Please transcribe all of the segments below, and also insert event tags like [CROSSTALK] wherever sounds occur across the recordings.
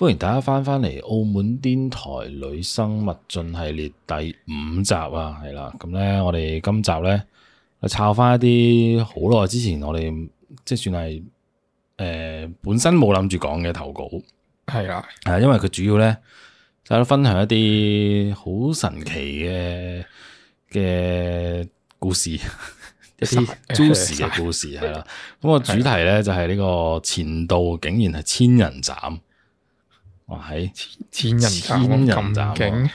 歡迎大家翻翻嚟《澳門癲台女生勿進系列》第五集啊，係啦，咁咧我哋今集咧去抄翻一啲好耐之前我哋即係算係誒、呃、本身冇諗住講嘅投稿，係啦的，係因為佢主要咧就係、分享一啲好神奇嘅嘅故事，的 [LAUGHS] 一啲 juicy 嘅故事係啦。咁個主題咧就係、係、呢個前度竟然係千人斬。哇！喺千人千人斬，係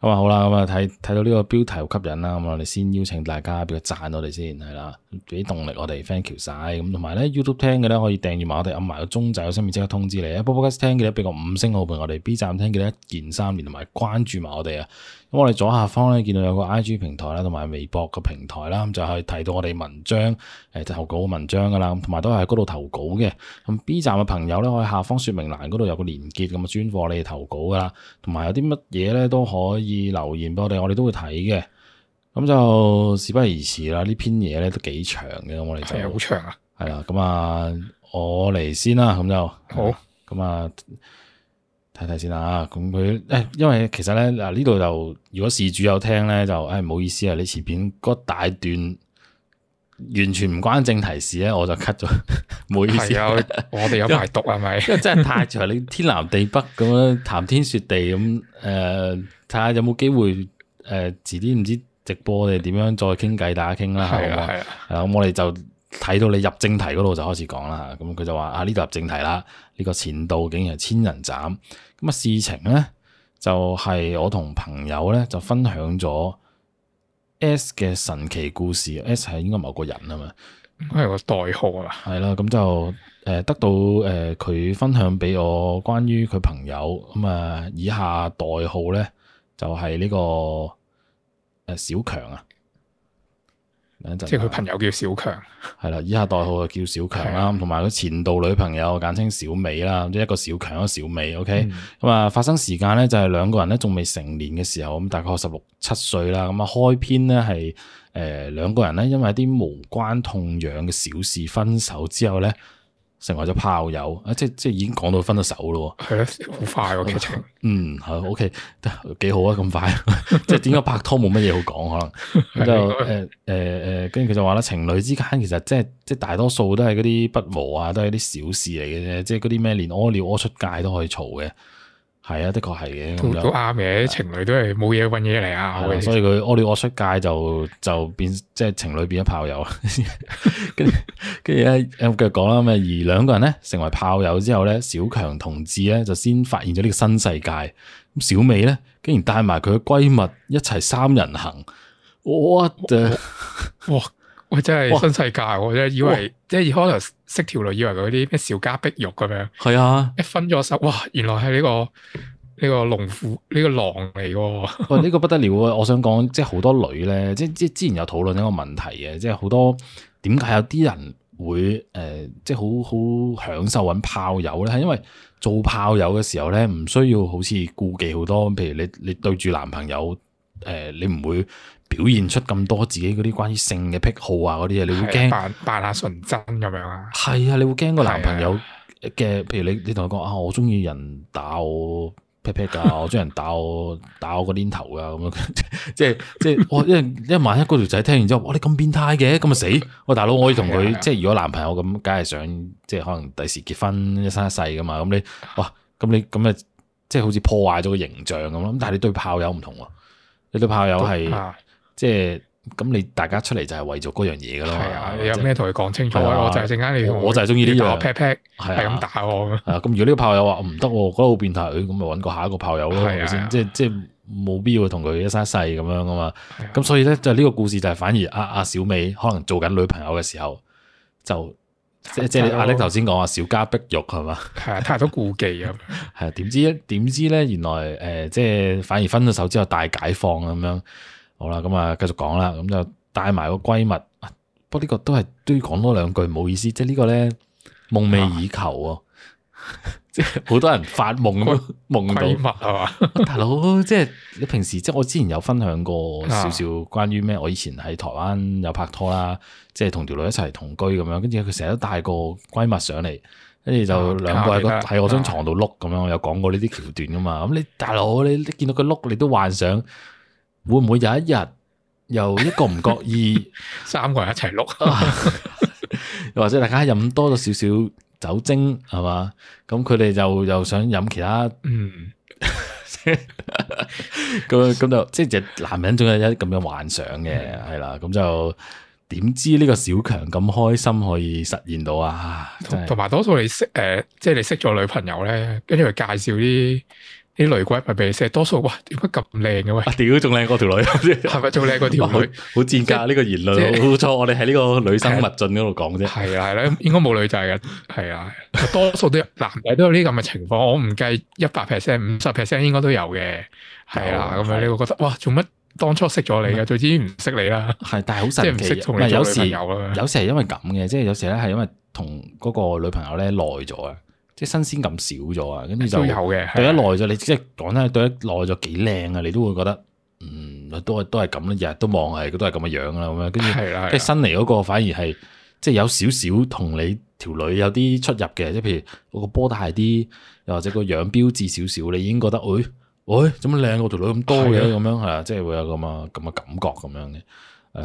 咁啊，好啦，咁啊睇睇到呢個標題好吸引啦，咁我哋先邀請大家俾個讚我哋先，係啦，俾啲動力我哋，thank you 晒，咁同埋咧 YouTube 聽嘅咧可以訂閱埋我哋，按埋個鐘仔，有新片即刻通知你啊！Podcast 聽嘅咧俾個五星好評我哋，B 站聽嘅咧一鍵三連，同埋關注埋我哋啊！咁我哋左下方咧見到有個 I G 平台啦，同埋微博個平台啦，咁、嗯、就係提到我哋文章誒、欸、投稿嘅文章噶啦，咁同埋都係喺嗰度投稿嘅。咁 B 站嘅朋友咧，我哋下方說明欄嗰度有個連結咁嘅專頁，你哋投稿噶啦，同埋有啲乜嘢咧都可以留言俾我哋，我哋都會睇嘅。咁就事不宜遲啦，呢篇嘢咧都幾長嘅，咁我哋就係好長啊，係啦。咁啊，我嚟先啦，咁就好。咁啊。睇睇先啦，咁佢誒，因為其實咧嗱呢度就，如果事主有聽咧就，誒、唔好意思啊！你前面嗰大段完全唔關正題事咧，我就 cut 咗，唔好意思、啊。我哋有排讀係咪？ [LAUGHS] 因為因為真係太長，你 [LAUGHS] 天南地北咁樣談天說地咁誒，睇、呃、下有冇機會誒、呃、遲啲唔知直播我哋點樣再傾偈，大家傾啦，係啊係啊，咁我哋就。 [LAUGHS] 睇到你入正題嗰度就開始講啦，咁佢就話啊，呢度入正題啦，呢、這個前度竟然係千人斬，咁啊事情咧就係、是、我同朋友咧就分享咗 S 嘅神奇故事，S 係應該某個人啊嘛，應該係個代號啊，係啦，咁就誒得到誒佢分享俾我關於佢朋友咁啊，以下代號咧就係、是、呢個誒小強啊。即係佢朋友叫小強，係啦，以下代號就叫小強啦，同埋佢前度女朋友簡稱小美啦，即一個小強一個小美，OK、嗯。咁啊，發生時間咧就係兩個人咧仲未成年嘅時候，咁大概十六七歲啦。咁啊，開篇咧係誒兩個人咧因為一啲無關痛癢嘅小事分手之後咧。成為咗炮友啊！即即已經講到分咗手咯，係啊，好快喎劇情。嗯，係、嗯、OK，幾好啊！咁快、啊， [LAUGHS] 即點解拍拖冇乜嘢好講可能？ [LAUGHS] 就誒誒誒，跟住佢就話咧，情侶之間其實即、就、即、是就是、大多數都係嗰啲不和啊，都係啲小事嚟嘅啫。 [LAUGHS] 即嗰啲咩連屙尿屙出界都可以嘈嘅。係啊，的確係嘅，都就都啱嘅。情侶都係冇嘢揾嘢嚟啊。所以佢我哋我出街就就變即係情侶變咗炮友。跟住跟住咧，我繼續講啦。咁啊，而兩個人咧成為炮友之後咧，小強同志咧就先發現咗呢個新世界。咁小美咧竟然帶埋佢嘅閨蜜一齊三人行，我誒哇，哇！我真係新世界，哇我真以為即係 h o 識條女，以為佢啲咩小家碧玉咁樣。係啊，一分咗手，哇，原來係呢個呢個農夫呢個狼嚟嘅。哦，呢個不得了啊！我想講，即係好多女咧，即係即之前有討論一個問題嘅，即係好多點解有啲人會誒、呃，即係好好享受揾炮友咧，係因為做炮友嘅時候咧，唔需要好似顧忌好多，譬如你你對住男朋友。誒，你唔會表現出咁多自己嗰啲關於性嘅癖好啊，嗰啲嘢，你會驚扮扮下純真咁樣啊？係啊，你會驚個男朋友嘅，的譬如你你同佢講啊，我中意人打我 pat pat 噶， [LAUGHS] 我中意人打我打我個鏈頭噶、啊，咁樣即係即係，哇！因為因為萬一嗰條仔聽完之後，哇！你咁變態嘅，咁啊死！哇，大佬，我可以同佢的即係如果男朋友咁，梗係想即係可能第時結婚一生一世噶嘛？咁你哇，咁你咁啊，即係好似破壞咗個形象咁咯。咁但係你，你對炮友唔同。你對炮友係，啊、即係咁你大家出嚟就係為咗嗰樣嘢噶咯。係啊，你有咩同佢講清楚呢？啊、我就係陣間你，我就係中意呢個。我劈劈係咁打我。啊，咁如果呢個炮友話唔得，我覺得好變態。咁咪揾個下一個炮友咯，係咪、啊、先？啊、即係即係冇必要同佢一生世咁樣噶嘛。咁、啊、所以咧，就呢個故事就係反而阿阿小美可能做緊女朋友嘅時候就。即即阿叻頭先講話小家碧玉係嘛，係太多顧忌啊，係啊， [LAUGHS] 點知點知咧，原來誒、呃，即係反而分咗手之後大解放咁樣，好啦，咁啊繼續講啦，咁就帶埋個閨蜜，不過呢個都係都要講多兩句唔好意思，即、這、係、個、呢個咧夢寐以求啊。即係好多人發夢咁樣，夢到乜係嘛？大佬，即係你平時即係我之前有分享過少少關於咩？啊、我以前喺台灣有拍拖啦，即係同條女一齊同居咁樣，跟住佢成日都帶個閨蜜上嚟，跟住就兩個喺我張床度碌咁樣，有講過呢啲橋段噶嘛？咁你大佬，你見到佢碌，你都幻想會唔會有一日又一個唔覺意、啊、三個人一齊碌，又 [LAUGHS] 或者大家飲多咗少少，少。酒精係嘛，咁佢哋就又想飲其他，咁咁、嗯、 [LAUGHS] 就即係男人總有一啲咁嘅幻想嘅，係啦、嗯，咁就點知呢個小強咁開心可以實現到啊？同同埋多數你識誒、呃，即係你識咗女朋友咧，跟住佢介紹啲。啲女鬼咪你死，多數哇點解咁靚嘅喂？屌仲靚過條女，係咪仲靚過條女？好賤格呢個言論，冇錯，我哋喺呢個女生物進嗰度講啫。係啊係啦，應該冇女仔嘅，係啊，多數都男仔都有呢咁嘅情況。我唔計一百 percent，五十 percent 應該都有嘅。係啊，咁樣你會覺得哇，做乜當初識咗你嘅，最屘唔識你啦？係，但係好神奇同你。有時有時係因為咁嘅，即係有時咧係因為同嗰個女朋友咧耐咗啊。即係新鮮感少咗啊，跟住就對一耐咗，嗯、你即係講真，對一耐咗幾靚啊，你都會覺得，嗯，都係都係咁啦，日日都望係都係咁嘅樣啦，咁樣跟住，即係新嚟嗰個反而係，即、就、係、是、有少少同你條女有啲出入嘅，即係譬如個波大啲，又或者個樣標致少少，你已經覺得，誒、哎、誒，做乜靚過我條女咁多嘅？咁是的 樣係啊，即係會有咁啊咁嘅感覺咁樣嘅，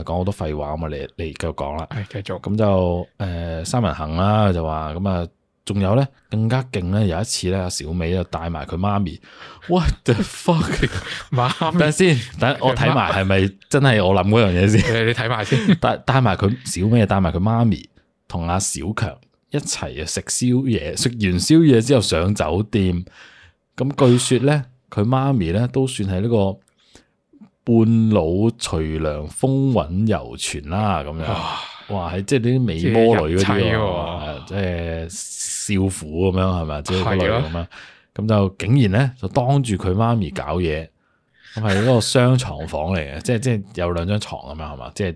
誒講好多廢話啊嘛，你你繼續講啦，係繼續，咁就誒、呃、三人行啦，就話咁啊。嗯嗯嗯嗯仲有咧，更加勁咧！有一次咧，阿小美就帶埋佢媽咪。What the fuck？咪等先，等我睇埋係咪真係我諗嗰樣嘢先。你睇埋先，帶帶埋佢小美，帶埋佢媽咪，同阿小強一齊食宵夜，食完宵夜之後上酒店。咁據說咧，佢媽哇咪咧都算係呢個半老徐娘，風韻猶存啦，咁樣。哇！係即係啲美魔女嗰啲喎，即係少婦咁樣係咪？即係嗰類咁樣，咁就竟然咧就當住佢媽咪搞嘢，咁係嗰個雙牀房嚟嘅，即係即係有兩張床咁樣係嘛？即係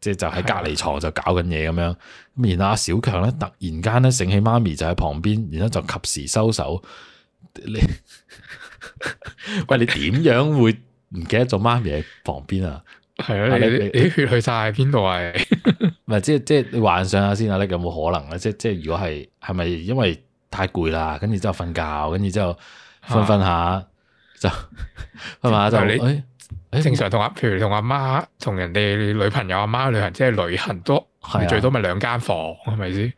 即係就喺隔離床就搞緊嘢咁樣。咁 [LAUGHS] 然後阿小強咧突然間咧醒起媽咪就喺旁邊，然後就及時收手。你 [LAUGHS] 喂你點樣會唔記得咗媽咪喺旁邊啊？係 [NOISE] 啊，你啲 [NOISE] 血去晒喺邊度啊？唔 [LAUGHS] 係即係即係，幻想下先啊！你有冇可能啊？即係即係，如果係係咪因為太攰啦？跟住之後瞓覺，跟住之後瞓瞓下、啊、就係嘛？就你、哎、正常同阿，譬如同阿媽同人哋女朋友阿媽旅行，即係旅行多，係、啊、最多咪兩間房係咪先？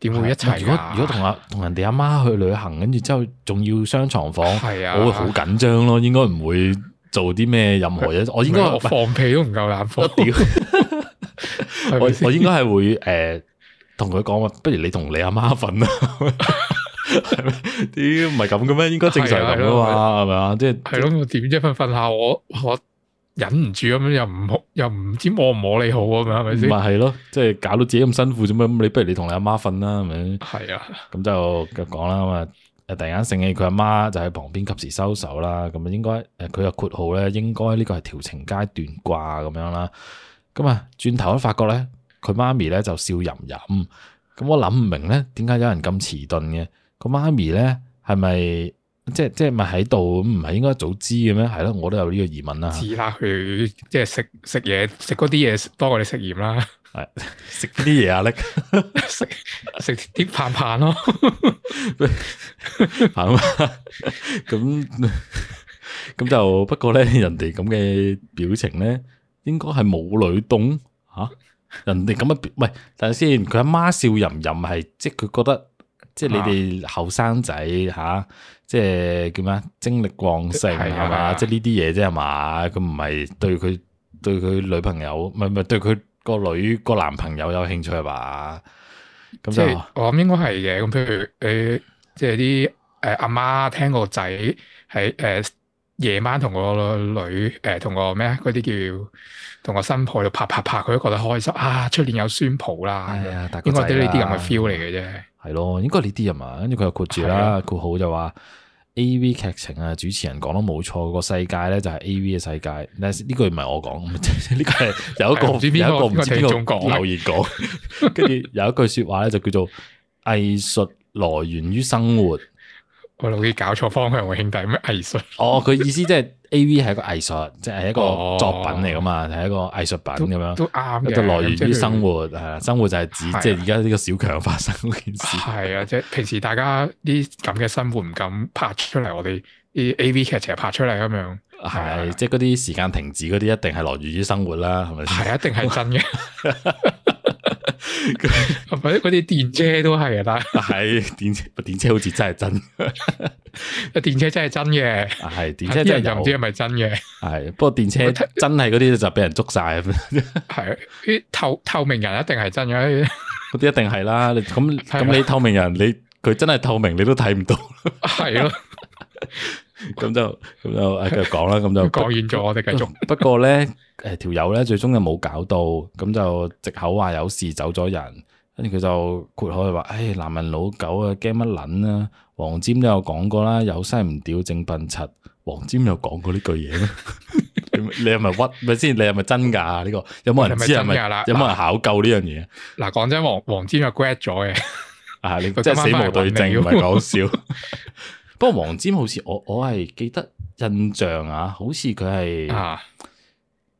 點會一齊、啊、如果如果同阿同人哋阿媽去旅行，跟住之後仲要雙牀房，係啊， [NOISE] 我會好緊張咯，應該唔會。做啲咩任何嘢，我應該放屁都唔夠膽放。我我應該係會誒，同佢講話，不如你同你阿媽瞓啊。屌，唔係咁嘅咩？應該正常嚟㗎嘛，係咪啊？即係係咯，點啫？瞓瞓下，我我忍唔住咁樣，又唔又唔知摸唔摸你好啊？係咪先？咪係咯，即係搞到自己咁辛苦做咩？咁你不如你同你阿媽瞓啦，係咪？係啊，咁就繼續講啦嘛。突然間醒起，佢阿媽就喺旁邊及時收手啦，咁應該誒佢又括號咧，應該呢個係調情階段掛咁樣啦。咁啊轉頭一發覺咧，佢媽咪咧就笑吟吟，咁我諗唔明咧，點解有人咁遲鈍嘅？個媽咪咧係咪即即咪喺度？唔係應該早知嘅咩？係咯，我都有呢個疑問啦、啊。試下去即係食食嘢，食嗰啲嘢多過我哋食鹽啦。食啲嘢啊！咧食食啲盤盤咯，係咁咁就不過咧，等等人哋咁嘅表情咧，應該係冇女凍吓。人哋咁嘅，唔係等下先。佢阿媽笑吟吟係，即係佢覺得，即係你哋後生仔吓，即係叫咩？精力旺盛係嘛？啊、係吧？即係呢啲嘢啫係嘛？佢唔係對佢對佢女朋友，唔係唔係對佢。個女個男朋友有興趣係嘛、呃？即係我諗應該係嘅。咁譬如誒，即係啲誒阿媽聽個仔喺誒夜晚同個女誒同、呃、個咩嗰啲叫同個新抱喺度拍拍拍，佢都覺得開心啊！出年有孫抱啦，係啊、哎，應該啲呢啲咁嘅 feel 嚟嘅啫。係咯，應該呢啲人啊，跟住佢又括住啦，括好就話。A.V. 劇情啊！主持人講都冇錯，個世界咧就係 A.V. 嘅世界。但呢句唔係我講，呢個係有一個有一個唔知邊個講，留言講。跟住 [LAUGHS] 有一句説話咧，就叫做藝術來源於生活。我哋搞錯方向，我兄弟咩藝術？哦，佢意思即係 A.V 係一個藝術，即係一個作品嚟噶嘛，係一個藝術品咁樣，都啱嘅，都來源於生活，係啦，生活就係指即係而家呢個小強發生嗰件事。係啊，即係平時大家啲咁嘅生活唔敢拍出嚟，我哋啲 A.V 劇情拍出嚟咁樣。係，即係嗰啲時間停止嗰啲，一定係來源於生活啦，係咪？係，一定係真嘅。嗰嗰啲電車都係啊，但係電電車好似真係真，電車真係真嘅，係、啊、電車真係又唔知係咪真嘅，係 [LAUGHS] 不過電車真係嗰啲就俾人捉晒，係 [LAUGHS] 啲透透明人一定係真嘅，啲 [LAUGHS] 一定係啦。咁咁 [LAUGHS] 的你透明人，你佢真係透明，你都睇唔到，係 [LAUGHS] 咯。咁就咁就繼續講啦，咁就講完咗，我哋繼續。 [LAUGHS] 不過咧，誒，條友咧最終又冇搞到，咁就藉口話有事走咗人，跟住佢就括開話，誒、哎、男人老狗啊，驚乜撚啊？黃沾都有講過啦，有西唔屌正笨柒，黃沾有講過呢句嘢咩？你係咪屈咪先？你係咪真噶？呢個有冇人知係咪？有冇人考究呢樣嘢？嗱，講真，黃黃沾就 grad 咗嘅，啊，即係死無對證，唔係講笑。不過黃霑好似我我係記得印象啊，好似佢係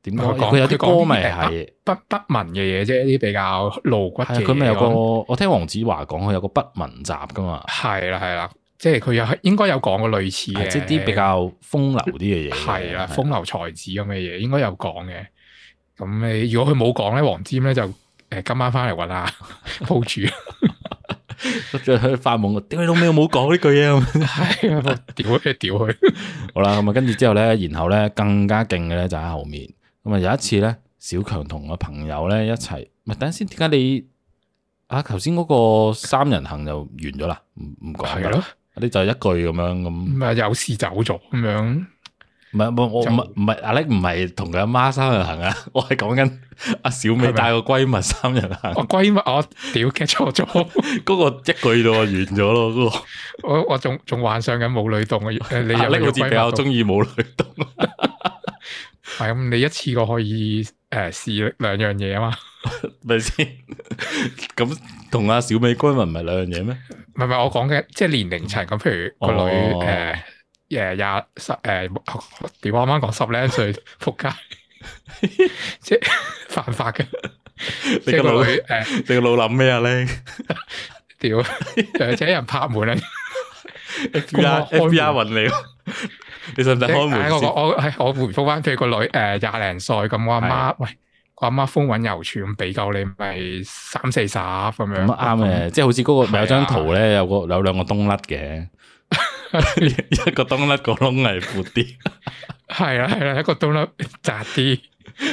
點講？佢說有啲歌迷係不不文嘅嘢，即係啲比較露骨，佢咪、啊、有個樣我聽黃子華講，佢有個不文集噶嘛。係啦，係啦，即係佢有係應該有講過類似嘅、啊，即係啲比較風流啲嘅嘢。係啦、啊，啊、風流才子咁嘅嘢，應該有講嘅。咁你如果佢冇講咧，黃霑咧就誒今晚翻嚟搵啦，鋪住。執住佢發夢，屌你老味，冇講呢句嘢。係屌佢，屌佢。好啦，咁啊，跟住之後咧，然後咧更加勁嘅咧就喺後面。咁啊，有一次咧，小強同個朋友咧一齊。咪等下先，點解你啊頭先嗰個三人行就完咗啦？唔唔講嘅咯，嗰啲的就一句咁樣咁。唔係有事走咗咁樣。唔係，唔我唔唔係阿叻唔係同佢阿媽三人行啊！我係講緊阿小美帶個閨蜜三人行是是。我閨蜜，我屌 get 錯咗，嗰 [LAUGHS] 個一句啫喎，完咗咯，嗰個。我我仲仲幻想緊母女檔啊！你有有好似比較中意母女檔。係咁，你一次過可以誒試兩樣嘢啊嘛？咪先？咁同阿小美閨蜜唔係兩樣嘢咩？唔係唔係，我講嘅即係年齡層咁，譬如個女誒。哦哦哦誒，廿十誒，我啱啱講十零歲仆街，即係犯法嘅。你個腦你個腦諗咩啊？咧，屌！又請人拍門啊！F B R 搵你，你使唔使開門？我我我回覆翻佢個女誒，廿零歲咁，我阿媽喂，我阿媽風韻猶存咁，俾夠你咪三四十咁樣。啱嘅，即係好似嗰個咪有張圖咧，有個有兩個冬甩嘅。一個窿甩個窿係闊啲，係啦係啦，一個窿甩窄啲，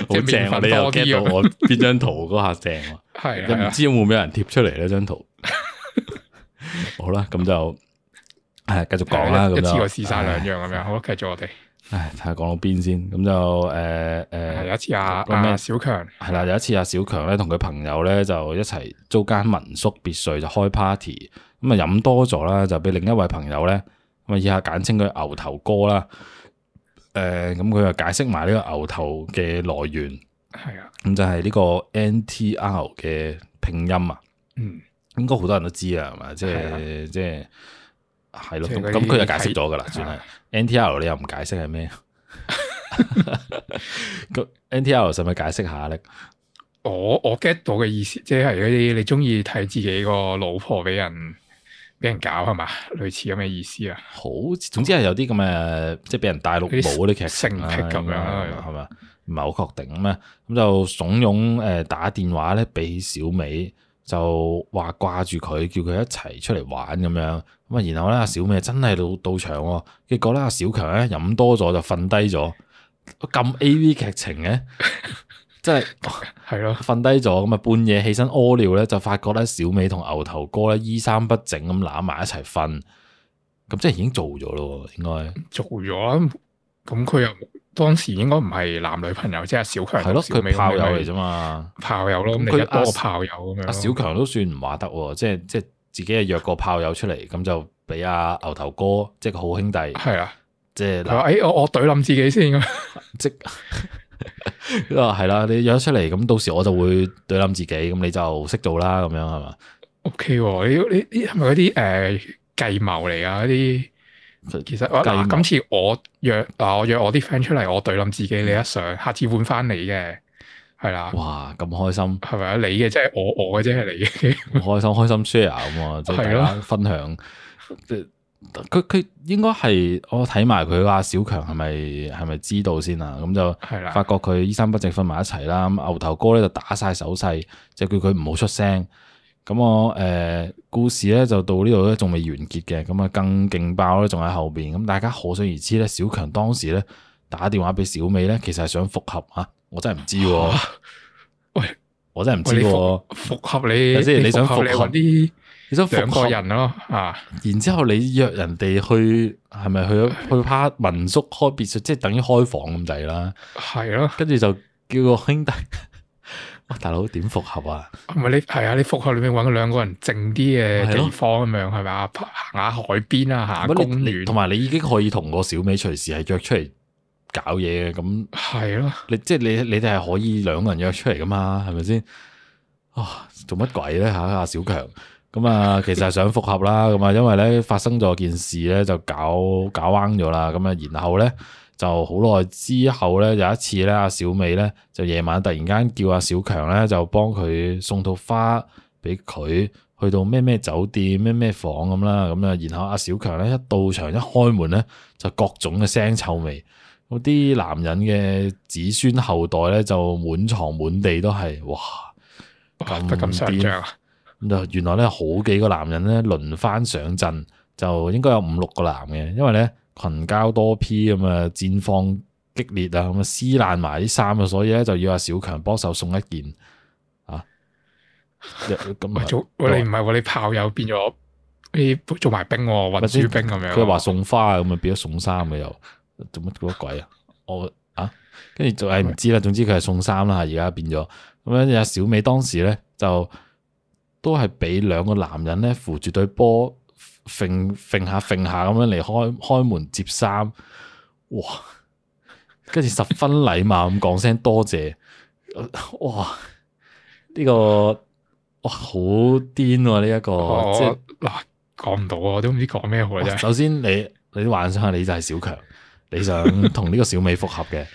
好正我你又 get 到我邊張圖嗰下正，係，又唔知有冇咩人貼出嚟呢張圖，好啦，咁就誒繼續講啦，咁就試晒兩樣咁樣，好啦，繼續我哋，唉，睇下講到邊先，咁就誒誒，有一次阿阿小強係啦，有一次阿小強咧同佢朋友咧就一齊租間民宿別墅就開 party，咁啊飲多咗啦，就俾另一位朋友咧。咁啊，以下簡稱佢牛頭哥啦。誒、呃，咁佢又解釋埋呢個牛頭嘅來源。係啊的，咁就係呢個 N T R 嘅拼音啊。嗯，hmm. 應該好多人都知啊，係嘛？即係的即係係咯。咁佢、嗯、就解釋咗噶啦，算係 N T R。你又唔解釋係咩？咁 N T R 使唔使解釋下咧？ [LAUGHS] 我我 get 到嘅意思，即係嗰啲你中意睇自己個老婆俾人。俾人搞係嘛，類似咁嘅意思啊？好，總之係有啲咁嘅，即係俾人帶綠帽嗰啲劇情咁樣，係咪唔係好確定咁咩？咁、嗯、就慫恿誒、呃、打電話咧俾小美，就話掛住佢，叫佢一齊出嚟玩咁樣。咁啊，然後咧阿小美真係到 [LAUGHS] 到場，結果咧阿小強咧飲多咗就瞓低咗。咁 A V 劇情嘅？ [LAUGHS] 即係係咯，瞓低咗咁啊！半夜起身屙尿咧，就發覺咧小美同牛頭哥咧衣衫不整咁攬埋一齊瞓，咁即係已經做咗咯，應該做咗。咁佢又當時應該唔係男女朋友，即係小強係咯，佢未炮友嚟啫嘛，炮友咯。咁佢多個炮友咁、啊、樣，阿、小強都算唔話得，即係即係自己係約個炮友出嚟，咁就俾阿牛頭哥即係個好兄弟，係啊的，即係。係、哎、我我懟冧自己先。即 [LAUGHS] [LAUGHS] 咁啊，係啦， [LAUGHS] 你約咗出嚟咁，到時我就會對冧自己，咁你就識做啦，咁樣係嘛？O K，你你係咪嗰啲誒計謀嚟啊？嗰啲其實我今次我約，嗱、啊、我約我啲 friend 出嚟，我對冧自己，你一上下次換翻你嘅，係啦。哇，咁開心係咪啊？你嘅即係我，我嘅即係你。嘅， [LAUGHS] 開心開心 share 咁啊，即、就係、大家分享即 [LAUGHS] 對了。 [LAUGHS] 佢佢應該係我睇埋佢阿小強係咪係咪知道先啊？咁就發覺佢衣衫不正瞓埋一齊啦。咁牛頭哥咧就打晒手勢，就叫佢唔好出聲。咁我誒、呃、故事咧就到呢度咧，仲未完結嘅。咁啊，更勁爆咧，仲喺後邊。咁大家可想而知咧，小強當時咧打電話俾小美咧，其實係想復合啊！我真係唔知喎、啊。喂，我真係唔知喎。復合你即係你想復合啲？服你都兩個人咯，啊，然之後你約人哋去，係咪去去趴民宿開別墅，即係等於開房咁滯啦。係咯，跟 restaurants 住就叫個兄弟，哇， [LAUGHS] 大佬點復合啊？唔係你係啊，你復合裡面搵兩個人靜啲嘅地方咁樣，係咪是啊,啊？行下海邊啊，行下公園。同埋你已經可以同個小美隨時係約出嚟搞嘢嘅咁。係、嗯、咯是、啊就是，你即係你你哋係可以兩個人約出嚟噶嘛？係咪先？啊，做乜鬼咧吓？阿小強。咁啊， [LAUGHS] 其實想復合啦，咁啊，因為咧發生咗件事咧，就搞搞彎咗啦。咁啊，然後咧就好耐之後咧，有一次咧，阿小美咧就夜晚突然間叫阿小強咧就幫佢送套花俾佢，去到咩咩酒店咩咩房咁啦。咁啊，然後阿小強咧一到場一開門咧，就各種嘅腥臭味，嗰啲男人嘅子孫後代咧就滿床滿地都係，哇！不敢想象！啊！原來咧好幾個男人咧輪番上陣，就應該有五六個男嘅，因為咧群交多 P 咁啊，戰況激烈啊，咁啊撕爛埋啲衫啊，所以咧就要阿小強幫手送一件啊。咁我、啊、你唔係話你炮友變咗你、欸、做埋兵、啊，或者運輸兵咁、啊、樣。佢話送花啊，咁啊變咗送衫嘅又做乜鬼啊？我啊，跟住就係唔知啦。是是總之佢係送衫啦，而家變咗咁樣。阿小美當時咧就。都係俾兩個男人咧扶住對波，揈揈下揈下咁樣嚟開開門接衫，哇！跟住十分禮貌咁講聲多謝，哇！呢個哇好癲呢一個，啊這個哦、即係嗱講唔到啊，我都唔知講咩好啫。哇是首先你你幻想下，你就係小強， [LAUGHS] 你想同呢個小美復合嘅。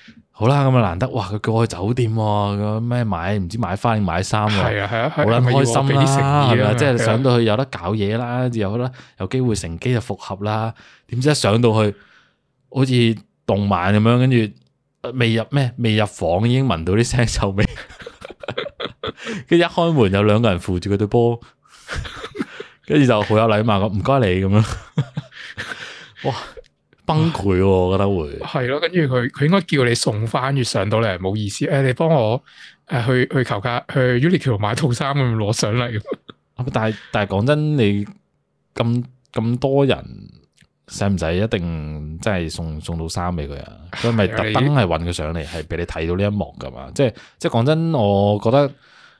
好啦，咁啊難得哇！佢叫我去酒店喎、啊，咩買唔知買花定買衫喎、啊，好撚、啊啊、開心啦、啊！即係上到去有得搞嘢啦，又啦有機會乘機就復合啦。點知一上到去好似動漫咁樣，跟住、呃、未入咩？未入房已經聞到啲腥臭味，跟 [LAUGHS] 住一開門有兩個人扶住佢對波，跟 [LAUGHS] 住就好有禮貌咁，唔該你咁樣， [LAUGHS] 哇！崩潰喎， [NOISE] 嗯、我覺得會係咯，跟住佢佢應該叫你送翻佢上到嚟，冇意思。誒、哎，你幫我誒去去求家去 Uniqlo 買套衫，咁攞上嚟。但係但係講真，你咁咁多人，使唔使一定真係送送到衫俾佢啊？佢咪特登係運佢上嚟，係俾 [LAUGHS] 你睇到呢一幕噶嘛？即係即係講真，我覺得即係、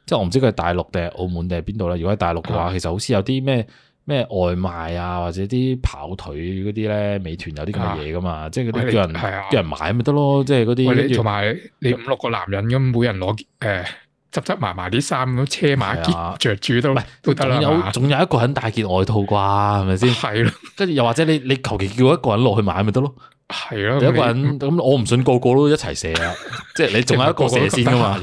就是、我唔知佢係大陸定係澳門定係邊度啦。如果喺大陸嘅話，嗯、其實好似有啲咩。咩外賣啊，或者啲跑腿嗰啲咧，美團有啲咁嘅嘢噶嘛？即係嗰啲叫人叫人買咪得咯？即係嗰啲同埋你五六個男人咁，每人攞誒執執埋埋啲衫咁，車埋一件著住都都得啦。有仲有一個人帶件外套啩？係咪先？係咯，跟住又或者你你求其叫一個人落去買咪得咯？係咯，一個人咁我唔信個個都一齊射啊！即係你仲有一個射先㗎嘛～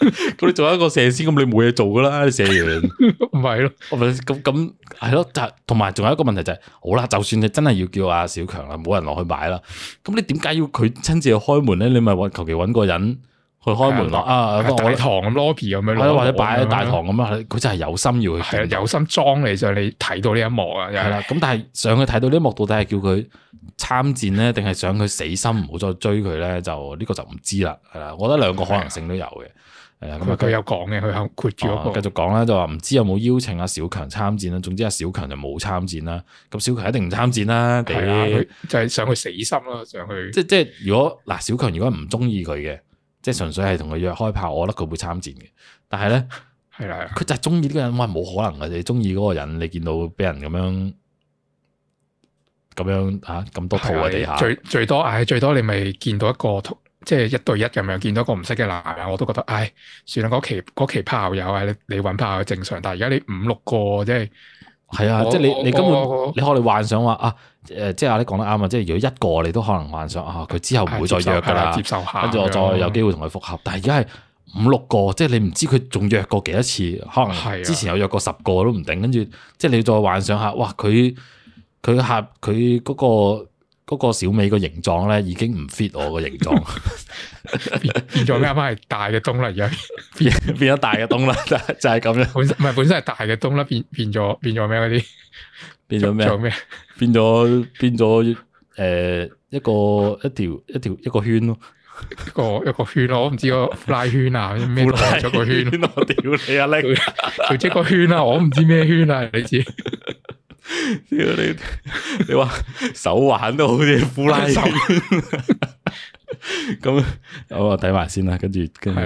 咁你做一個射師咁你冇嘢做噶啦，你射完唔係咯？咁咁係咯？就同埋仲有一個問題就係，好啦，就算你真係要叫阿小強啦，冇人落去買啦，咁你點解要佢親自去開門咧？你咪搵求其搵個人去開門咯啊！大堂咁 lobby 咁樣或者擺喺大堂咁啊？佢真係有心要去，係有心裝嚟，想你睇到呢一幕啊！係啦，咁但係上去睇到呢一幕，到底係叫佢參戰咧，定係想佢死心，唔好再追佢咧？就呢個就唔知啦。係啦，我覺得兩個可能性都有嘅。誒，咁佢有講嘅，佢係括住嗰個、哦。繼續講咧，就話、是、唔知有冇邀請阿小強參戰啦。總之阿小強就冇參戰啦。咁小強一定唔參戰啦。係啊，佢就係上去死心咯，上去。即即係如果嗱，小強如果唔中意佢嘅，即係純粹係同佢約開炮，我覺得佢會參戰嘅。但係咧，係啦，佢就係中意呢個人，我係冇可能嘅。你中意嗰個人，你見到俾人咁樣咁樣吓，咁、啊、多套喺地下。最最多，唉，最多你咪見到一個即係一對一咁樣見到個唔識嘅男人，我都覺得唉，算啦，嗰期期炮友啊，你你揾炮友正常。但係而家你五六個，啊、我即係係啊，即係你你根本你可能幻想話啊，誒，即係你講得啱啊，即係如果一個你都可能幻想啊，佢之後唔會再約㗎啦，接受下，跟住我再有機會同佢復合。嗯、但係而家係五六個，即係你唔知佢仲約過幾多次，可能係之前有約過十個都唔定。跟住即係你再幻想下，哇，佢佢吓佢嗰個。嗰個小美個形狀咧已經唔 fit 我個形狀 [LAUGHS] 變，變咗啱啱係大嘅冬笠，而家變 [LAUGHS] 變咗大嘅冬笠，就係咁啦。本身唔係本身係大嘅冬笠，變變咗變咗咩嗰啲？變咗咩？變咗變咗誒一個一條一條,一,條,一,條一個圈咯，一個一個圈咯，我唔知個拉圈啊？咩？拉咗個圈我屌你啊！叻佢即個圈啊！我唔知咩圈啊？你知？屌 [LAUGHS] 你！你話手玩都好似苦拉咁， [LAUGHS] [LAUGHS] [LAUGHS] 我話抵埋先啦，跟住跟住，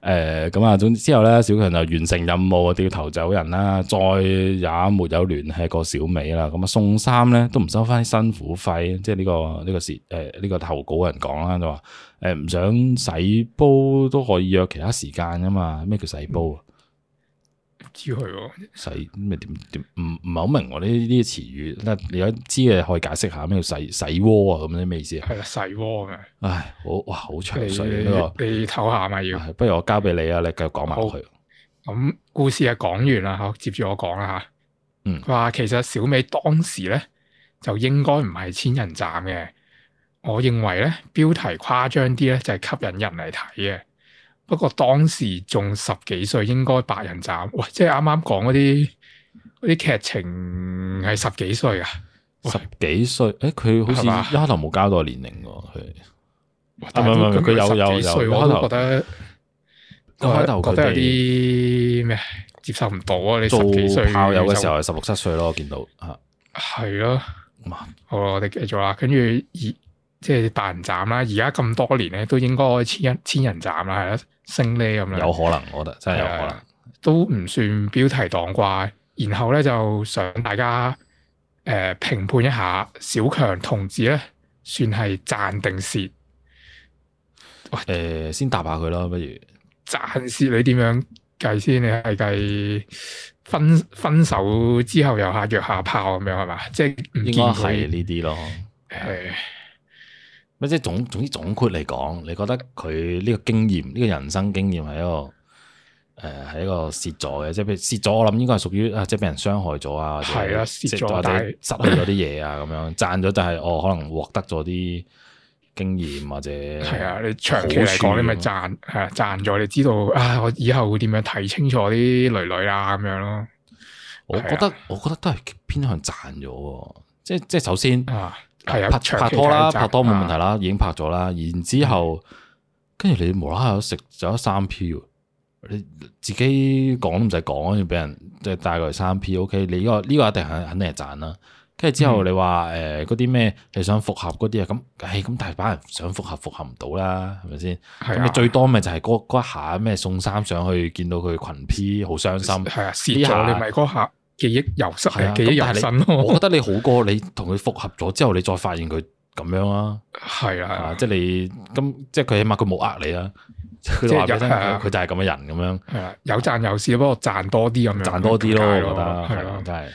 誒咁啊，總之之後咧，小強就完成任務，掉頭走人啦，再也沒有聯繫過小美啦。咁啊，送衫咧都唔收翻辛苦費，即係呢、這個呢、這個事誒，呢、呃這個投稿人講啦，就話誒唔想洗煲都可以約其他時間啊嘛，咩叫洗煲啊？嗯知佢洗咩點點唔唔係好明我呢呢啲詞語，嗱，有知嘅可以解釋下咩叫洗洗鍋啊？咁啲咩意思啊？係啦，洗鍋嘅。唉，好哇，好長水你唞下咪要？不如我交俾你啊！你繼續講埋佢。咁故事係講完啦，嗬？接住我講啦吓。嗯。話、嗯、其實小美當時咧就應該唔係千人斬嘅，我認為咧標題誇張啲咧就係吸引人嚟睇嘅。不過當時仲十幾歲，應該白人站，喂，即係啱啱講嗰啲啲劇情係十幾歲啊，十幾歲。誒、欸，佢好似一開頭冇交代年齡喎，佢吧。佢有有有。有有我開頭覺得，我開頭覺得有啲咩接受唔到啊！你十幾歲做炮友嘅時候係十六七歲咯，我見到嚇。係咯。好，我哋繼續啦。跟住二。即係大人站啦，而家咁多年咧，都應該千一千人站啦，係啦，升呢咁樣。有可能，我覺得真係有可能，呃、都唔算標題黨啩。然後咧，就想大家誒評、呃、判一下小強同志咧，算係賺定蝕？喂，誒，先答下佢咯，不如賺蝕你點樣計先？你係計分分手之後又下藥下炮咁樣係嘛？即係唔建議呢啲咯，係、呃。咩即係總總之總括嚟講，你覺得佢呢個經驗呢、這個人生經驗係一個誒係、呃、一個蝕咗嘅，即係蝕咗，我諗應該係屬於啊，即係俾人傷害咗啊，係啊，蝕咗，但係失去咗啲嘢啊，咁是樣賺咗就係、是、我、哦、可能獲得咗啲經驗或者係啊，你長期嚟講、啊、你咪賺係啊賺咗，你知道啊，我以後會點樣睇清楚啲女女啊咁樣咯、啊。我覺得我覺得都係偏向賺咗，即係即係首先啊。係啊，拍拖啦，長期長期拍拖冇問題啦，啊、已經拍咗啦。然之後，跟住、嗯、你無啦啦食咗三 P，你自己講都唔使講，要俾人即係帶嚟，三 P。O.K. 你呢、呢個呢、呢個一定肯肯定係賺啦。跟住之後你話誒嗰啲咩，你想復合嗰啲啊？咁誒咁，但係大把人想復合，復合唔到啦，係咪先？咁是、啊、你最多咪就係嗰下咩送衫上去，見到佢群 P，好傷心。係啊，蝕咗你咪嗰下。記憶又失嘅記憶入身咯，我覺得你好過你同佢復合咗之後，你再發現佢咁樣啊，係啊，即係你咁，即係佢起碼佢冇呃你啦，佢話真係佢就係咁嘅人咁樣，係啦，有賺有蝕，不過賺多啲咁樣，賺多啲咯，我覺得係咯，真係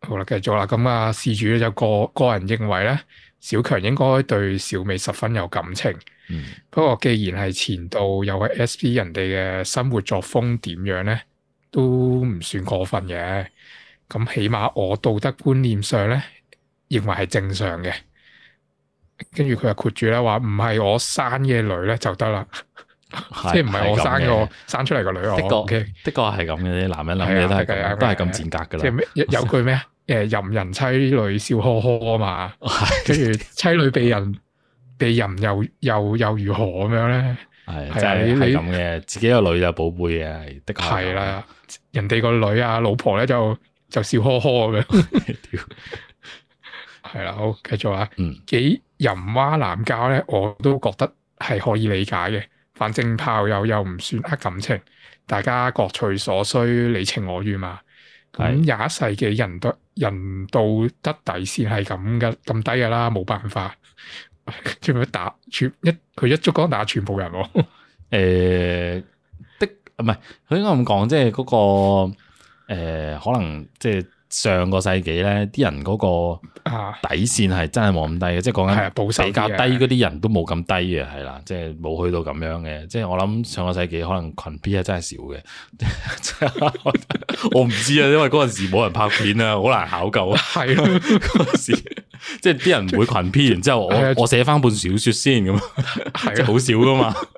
好啦，繼續啦，咁啊事主就個個人認為咧，小強應該對小美十分有感情，嗯，不過既然係前度，又係 S.P. 人哋嘅生活作風點樣咧，都唔算過分嘅。咁起碼我道德觀念上咧，認為係正常嘅。跟住佢又括住啦，話唔係我生嘅女咧就得啦，即係唔係我生個生出嚟個女我的。的確的確係咁嘅，啲男人諗嘢都係都係咁賤格㗎啦。即係咩有句咩誒？淫人，人妻女笑呵呵啊嘛，跟住妻女被人被淫又又又如何咁樣咧？係就係係咁嘅，自己個女就寶貝啊，的確係啦。人哋個女啊，老婆咧就。就笑呵呵咁樣，係啦，好繼續啊。嗯、幾淫娃濫交咧，我都覺得係可以理解嘅。反正炮友又唔算黑感情，大家各取所需，你情我願嘛。咁廿一世紀人都人道德底線係咁嘅，咁低噶啦，冇辦法。 [LAUGHS] 一全部打全一，佢一竹竿打全部人，啊。誒、 [LAUGHS] [LAUGHS] 欸、的，唔係佢應該咁講，即係嗰個。誒可能即係上個世紀咧，啲人嗰個底線係真係冇咁低嘅。啊、即係講緊比較低嗰啲人都冇咁低嘅，係啦、啊的，即係冇去到咁樣嘅。即係我諗上個世紀可能群 P 係真係少嘅， [LAUGHS] [LAUGHS] 我唔知啊，因為嗰陣時冇人拍片啊，好難考究啊。係咯，嗰陣時即係啲人唔會群 P，然之後我我寫翻本小説先咁，係好少噶嘛。是的 [LAUGHS]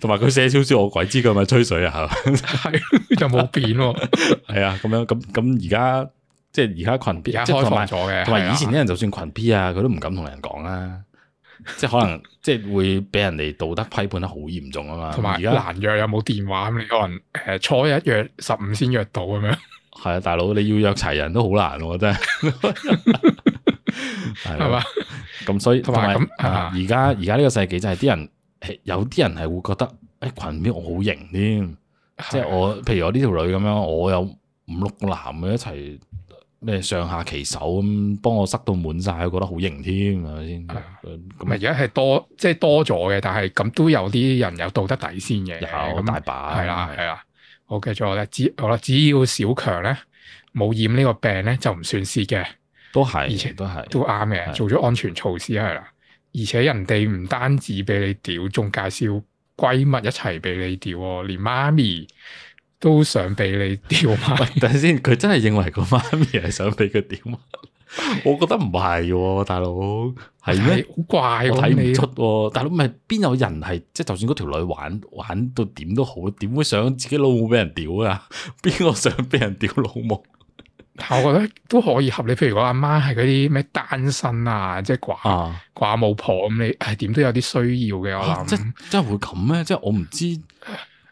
同埋佢寫少少，我鬼知佢係咪吹水啊？係又冇變，係啊，咁樣咁咁而家即係而家群 P 開放咗嘅，同埋以前啲人就算群 P 啊，佢都唔敢同人講啦，即係可能即係會俾人哋道德批判得好嚴重啊嘛。同埋而家難約，又冇電話咁，你可能誒初一約十五先約到咁樣。係啊，大佬你要約齊人都好難，我覺得係嘛？咁所以同埋咁而家而家呢個世紀就係啲人。有啲人係會覺得，哎，群片我好型添，是的 即係我，譬如我呢條女咁樣，我有五六個男嘅一齊，咩上下其手咁，幫我塞到滿晒，覺得好型添，係咪先？咁啊，而家係多，即係多咗嘅，但係咁都有啲人有道德底線嘅，有咁大把，係啦那，係啦。好，繼續咧，只好啦，只要小強咧冇染呢個病咧，就唔算事嘅是，都係，以前都係是都啱是嘅，做咗安全措施係啦。而且人哋唔單止畀你屌，仲介紹閨蜜一齊畀你屌喎，連媽咪都想畀你屌。等下先，佢真係認為個媽咪係想畀佢屌。我覺得唔係，大佬係咩？好 [LAUGHS] 嗎怪，睇唔出。你的 大佬咪邊有人係即係，就算嗰條女玩玩到點都好，點會想自己老母俾人屌啊？邊個想俾人屌老母？但我覺得都可以合理。譬如講，阿媽係嗰啲咩單身啊，即係寡寡，寡母婆咁、啊，你係點都有啲需要嘅。我諗即即係會咁咩？即係我唔知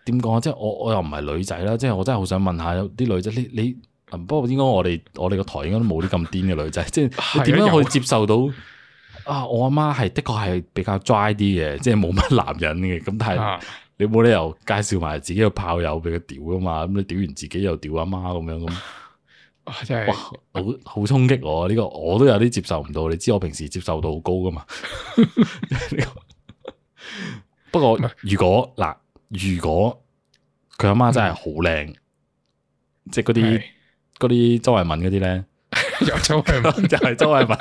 點講，即係我我又唔係女仔啦。即係我真係好想問下啲女仔你你，不過應該我哋我哋個台應該都冇啲咁癲嘅女仔。即係點樣可以接受到有的 啊？我阿媽係的確係比較 dry 啲嘅，即係冇乜男人嘅咁。但係你冇理由介紹埋自己嘅炮友俾佢屌㗎嘛？咁你屌完自己又屌阿媽咁樣咁。哇！真係，好好衝擊我呢個，我都有啲接受唔到。你知我平時接受度好高噶嘛？不過如果嗱，如果佢阿媽真係好靚，即係嗰啲嗰啲周慧敏嗰啲咧，周慧敏，就係周慧敏，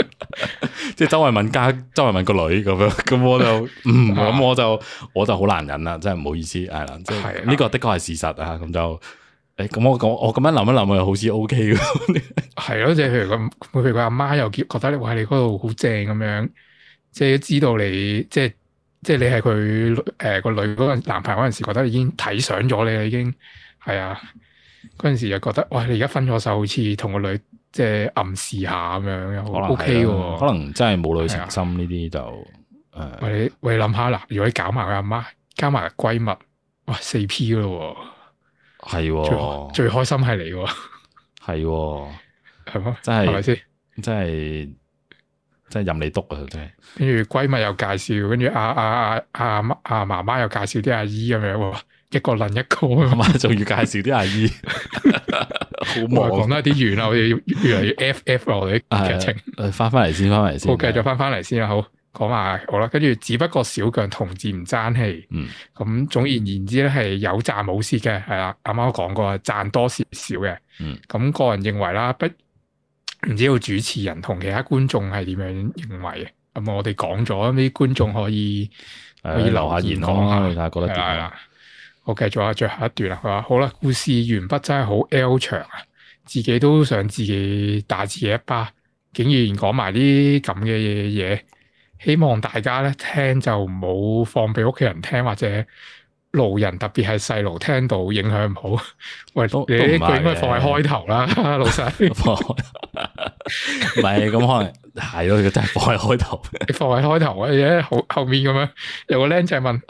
即係周慧敏加周慧敏個女咁樣，咁我就嗯，咁我就我就好難忍啦，真係唔好意思，係啦，即係呢個的確係事實啊，咁就。誒，咁、欸、我我我咁樣諗一諗，我又好似 O K 嘅，係 [LAUGHS] 咯，即係譬如佢佢佢阿媽又覺得你哇你嗰度好正咁樣，即係知道你即係即係你係佢誒個女嗰陣男朋友嗰陣時，覺得已經睇上咗你啦，已經係啊，嗰陣時又覺得，哇你而家、呃、分咗手，好似同個女即係暗示下咁樣，又好 O K 嘅，可能真係母女情深呢啲就誒，呃、喂你喂你諗下啦，如果你搞埋佢阿媽，加埋閨蜜，哇四 P 咯、啊。係、哦、最，最開心係你、哦，係係咩？真係，係咪先？真係真係任你督啊！真係。跟住閨蜜又介紹，跟住阿阿阿媽阿媽媽又介紹啲阿姨咁樣、哦，一個輪一個。阿媽仲要介紹啲阿姨，好忙呀，我講多啲完啦，我哋越嚟越 F F 我哋啲劇情。誒，翻翻嚟先，翻翻嚟先。好，繼續翻翻嚟先啊是，好。講埋好啦，跟住只不過小腳同志唔爭氣，咁、嗯、總而言，言之咧係有賺冇蝕嘅，係啦。阿媽講過賺多少少嘅，咁、嗯、個人認為啦，不唔知道主持人同其他觀眾係點樣認為嘅。咁、嗯、我哋講咗啲觀眾可以、哎、呀可以留下言講啊，睇下覺得點的啊。我繼續下最後一段啦。佢話好啦，故事完畢真係好 L 長啊，自己都想自，自己打自己一巴，竟然講埋啲咁嘅嘢。希望大家咧聽就唔好放俾屋企人聽或者路人，特別係細路聽到影響唔好。喂，你應該放喺開頭啦，老細。唔係咁可能係咯， [LAUGHS] 啊、真係放喺開頭。你放喺開頭嘅啫，後後面咁樣有個僆仔問，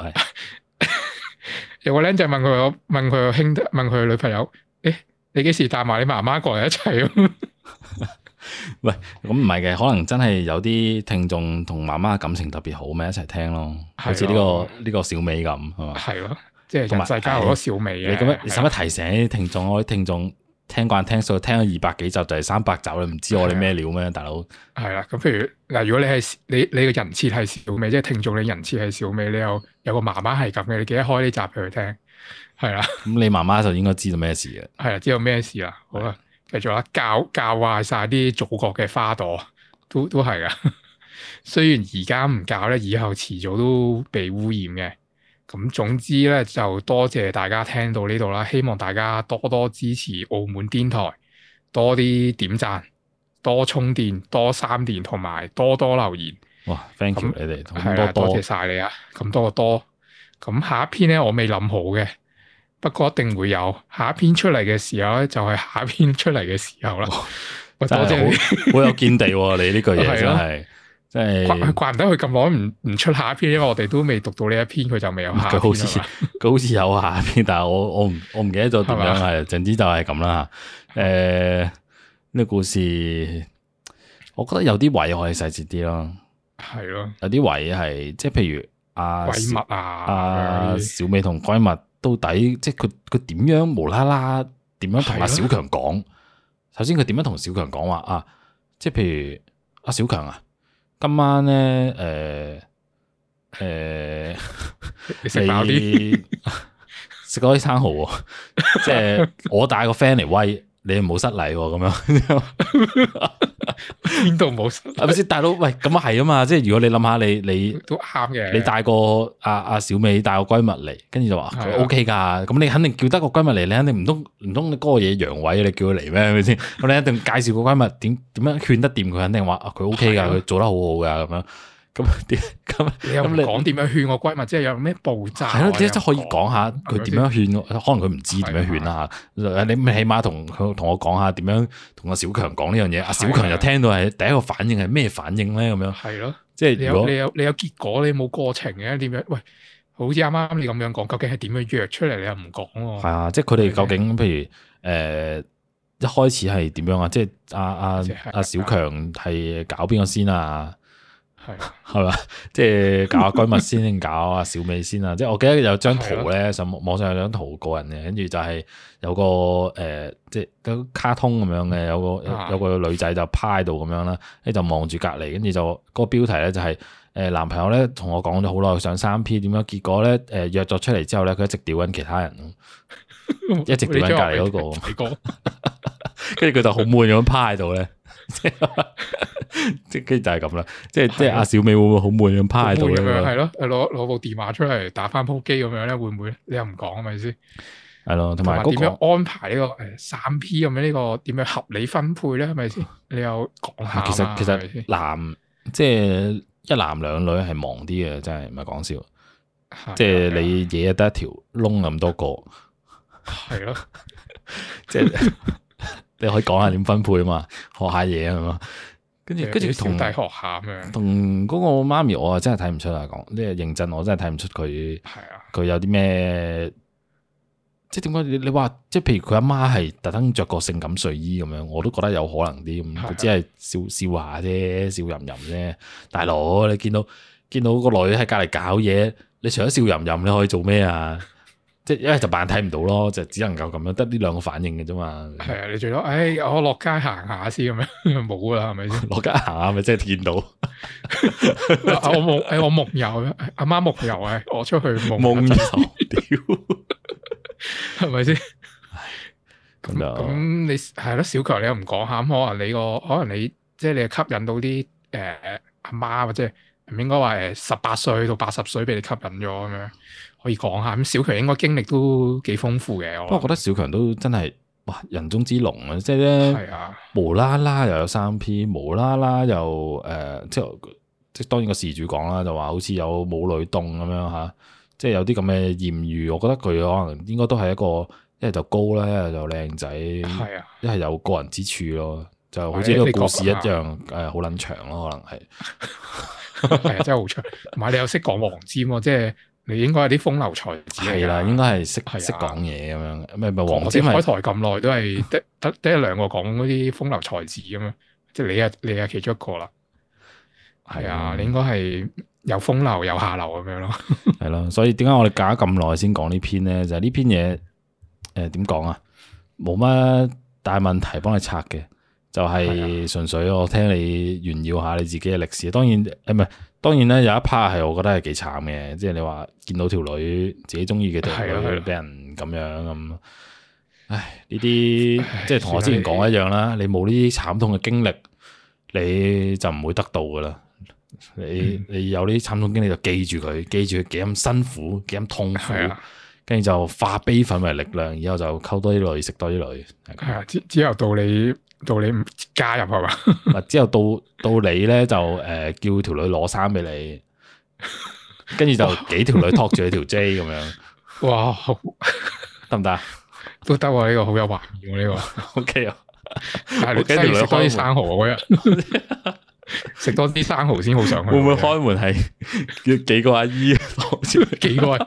有個僆仔問佢我、哎、 [LAUGHS] 問佢個兄弟問佢女朋友，誒、哎、你幾時帶埋你媽媽過嚟一齊？ [LAUGHS] 喂，咁唔係嘅，可能真係有啲聽眾同媽媽感情特別好，咪一齊聽咯，好似呢個呢個小美咁係嘛？係咯，即係同埋世界好多小美嘅。你咁樣，你使乜提醒啲聽眾？我啲聽眾聽慣聽數，聽咗二百幾集就係三百集，你唔知我哋咩料咩，大佬係啦。咁譬如嗱，如果你係你你嘅人設係小美，即係聽眾你人設係小美，你又有個媽媽係咁嘅，你記得開呢集俾佢聽係啦。咁你媽媽就應該知道咩事嘅係啊，知道咩事啊？好啦。繼續啦，教教壞晒啲祖國嘅花朵，都都係噶。 [LAUGHS] 雖然而家唔教呢，以後遲早都被污染嘅。咁總之呢，就多謝大家聽到呢度啦，希望大家多多支持澳門電台，多啲點讚，多充電，多三連，同埋多多留言。哇，thank you 那你哋，多謝晒你啊，咁多個多。咁下一篇呢，我未諗好嘅。不過一定會有下一篇出嚟嘅時候咧，就係、是、下一篇出嚟嘅時候啦。哇我多謝你，好有見地、啊，你呢句嘢、 [LAUGHS] 啊、真係真係。怪唔得佢咁耐唔唔出下一篇，因為我哋都未讀到呢一篇，佢就未有下篇。佢好似佢吧好似有下篇，但係我我唔我唔記得咗點樣係，吧總之就係咁啦。誒、呃，呢、這個故事我覺得有啲位可以細節啲咯，係咯，有啲位係即係譬如阿閨蜜啊，阿小美同閨蜜。啊 [LAUGHS] [LAUGHS] 到底即係佢佢點樣無啦啦點樣同阿小強講？啊、首先佢點樣同小強講話啊？即係譬如阿、啊、小強啊，今晚咧誒誒，呃呃、 [LAUGHS] 你食飽啲，食嗰啲生蠔。即係我帶個 friend 嚟威。你唔好失禮喎。哦，咁樣邊度冇失禮？係咪先？大佬，喂，咁啊係啊嘛，即係如果你諗下，你你都啱嘅。你帶個阿阿小美帶個閨蜜嚟，跟住就話佢 O K 噶咁的你肯定叫得個閨蜜嚟，你肯定唔通唔通你個嘢陽痿，你叫佢嚟咩？係咪先？咁你一定介紹個閨蜜點點樣勸得掂佢，肯定話佢 O K 噶，佢的做得好好噶咁樣。咁你咁咁講點樣勸我閨蜜，即係有咩步驟？係咯，即即可以講下佢點樣勸，可能佢唔知點樣勸啦吓。你起碼同同我講下點樣同阿小強講呢樣嘢。阿小強又聽到係第一個反應係咩反應咧？咁樣係咯，即係如果你有你有結果，你冇過程嘅點樣？喂，好似啱啱你咁樣講，究竟係點樣約出嚟？你又唔講喎？係啊，即係佢哋究竟譬如誒，一開始係點樣啊？即係阿阿阿小強係搞邊個先啊？係，係 [LAUGHS] 即係搞下閨蜜先，搞下小美先啊！即係我記得有張圖咧，的上網上有張圖個人嘅，跟住就係有個誒、呃，即係卡通咁樣嘅，有個，的的有，個有，有個女仔就趴喺度咁樣啦，咧就望住隔籬，跟住就嗰、那個標題咧就係、是、誒、呃，男朋友咧同我講咗好耐上三 P，點樣結果咧誒、呃、約咗出嚟之後咧，佢一直屌緊其他人， [LAUGHS] 聽說 一直屌緊隔籬嗰個，跟住佢就好悶咁趴喺度咧。 [LAUGHS] [LAUGHS] 即係，即係就係咁啦。即係，即係阿小美會唔會好悶咁趴喺度咁樣？係咯，攞攞部電話出嚟打翻鋪機咁樣咧，會唔會？你又唔講係咪先？係咯，同埋點樣安排呢個誒三 P 咁樣呢個點樣合理分配咧？係咪先？你又講下其？其實其實男即係、就是、一男兩女係忙啲嘅，真係唔係講笑。即係的你嘢得一條窿咁多個，係咯，即係。你可以講下點分配啊嘛，學下嘢啊嘛，跟住跟住同睇學下咩，同嗰個媽咪我啊真係睇唔出啊，講呢個認真我真係睇唔出佢，係啊，佢 [MUSIC] 有啲咩，即係點解你你話即係譬如佢阿媽係特登着個性感睡衣咁樣，我都覺得有可能啲，咁只係笑笑下啫，笑吟吟啫，人人 [MUSIC] 大佬你見到見到個女喺隔籬搞嘢，你除咗笑吟吟，你可以做咩啊？即係因為就扮睇唔到咯，就只能夠咁樣，得呢兩個反應嘅啫嘛。係啊，你最多，誒、哎，我落街行下先咁樣，冇啦，係咪先？落街行下咪即係見到。 [LAUGHS] [LAUGHS] 我夢，誒，我夢遊阿媽夢遊啊，我出去夢遊，屌遊，係咪先？咁就咁你係咯，小強你又唔講下，咁可能你個可能你即係你吸引到啲誒阿媽或者應該話誒十八歲到八十歲俾你吸引咗咁樣。可以講下咁，小強應該經歷都幾豐富嘅。不過覺得小強都真係哇，人中之龍，即係呢、啊！即係無啦啦又有三 P，無啦啦又誒、嗯，即係即係當然個事主講啦，就話好似有冇女動咁樣嚇， [LAUGHS] 即係有啲咁嘅艷遇。我覺得佢可能應該都係一個一係就高咧，一係就靚仔，一係、啊、有個人之處咯。就好似呢個故事一樣，誒好撚長咯，可能係係、 [LAUGHS] [LAUGHS] 哎、真係好長。唔係你又識講黃尖喎、啊，即係 [LAUGHS] ～你應該係啲風流才子，係啦，應該係識識講嘢咁樣。咪咪黃之開台咁耐都係得得得一兩個講嗰啲風流才子咁樣，即係你啊你啊其中一個啦。係啊，你應該係有風流有下流咁樣咯。係咯，所以點解我哋搞咁耐先講呢篇咧？就係呢篇嘢，誒，點講啊？冇乜大問題，幫你拆嘅，就係純粹我聽你炫耀下你自己嘅歷史。當然，誒，唔係。當然啦，有一 part 係我覺得係幾慘嘅，即係你話見到條女自己中意嘅條女俾是的 人咁樣咁，唉，呢啲唉即係同我之前講一樣啦。唉你冇呢啲慘痛嘅經歷，你就唔會得到噶啦。你你有呢啲慘痛經歷就記住佢，記住佢幾咁辛苦幾咁痛苦，跟住是的 就化悲憤為力量，然後就溝多啲女，食多啲女。係啊，之之後到你。到你唔加入係嘛？之 [LAUGHS] 後到到你咧就誒、呃、叫條女攞衫俾你，跟住就幾條女托住條 J 咁樣。哇，好得唔得？都得啊！呢、這個好有畫面喎，呢、這個 [LAUGHS] OK 啊。係 [LAUGHS] 幾是 [LAUGHS] 條女多啲是 [LAUGHS] 山河啊！ [LAUGHS] [LAUGHS] 食多啲生蠔先好上去，會唔會開門係幾、啊、 [LAUGHS] [LAUGHS] 幾個阿姨？幾個阿姨？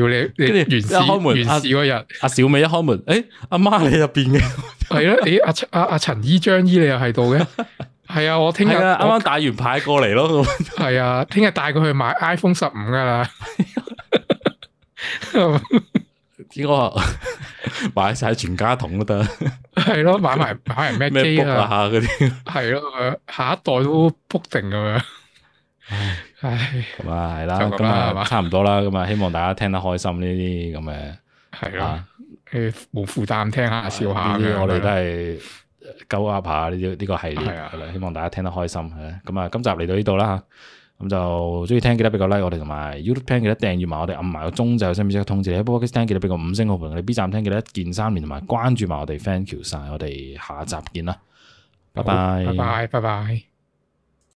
要你跟住完事開門，阿小個阿小美一開門，誒、欸，阿、啊、媽你入邊嘅係咯，你阿陳阿阿陳姨張姨你又喺度嘅，係 [LAUGHS] 啊，我聽日啱啱打完牌過嚟咯，係 [LAUGHS] 啊，聽日帶佢去買 iPhone 十五㗎喇。 [LAUGHS] [LAUGHS] 應該買晒全家桶都得，係咯，買埋買埋咩機啊，吓嗰啲，係咯，下一代都 book 定咁樣。唉，咁啊，係啦，咁啊，差唔多啦，咁啊，希望大家聽得開心呢啲咁嘅，係啦，冇負擔聽下笑下，呢啲我哋都係鳩阿爸呢啲呢個系列，希望大家聽得開心，咁啊，今集嚟到呢度啦。咁就中意聽，記得俾個 like，我哋同埋 YouTube 聽記得訂閱埋我哋，撳埋個鐘就有新片即刻通知你。喺 Facebook 聽記得俾個五星好評，你 B 站聽記得一鍵三連同埋關注埋我哋，thank you 晒，我哋下集見啦，拜拜，拜拜，拜拜。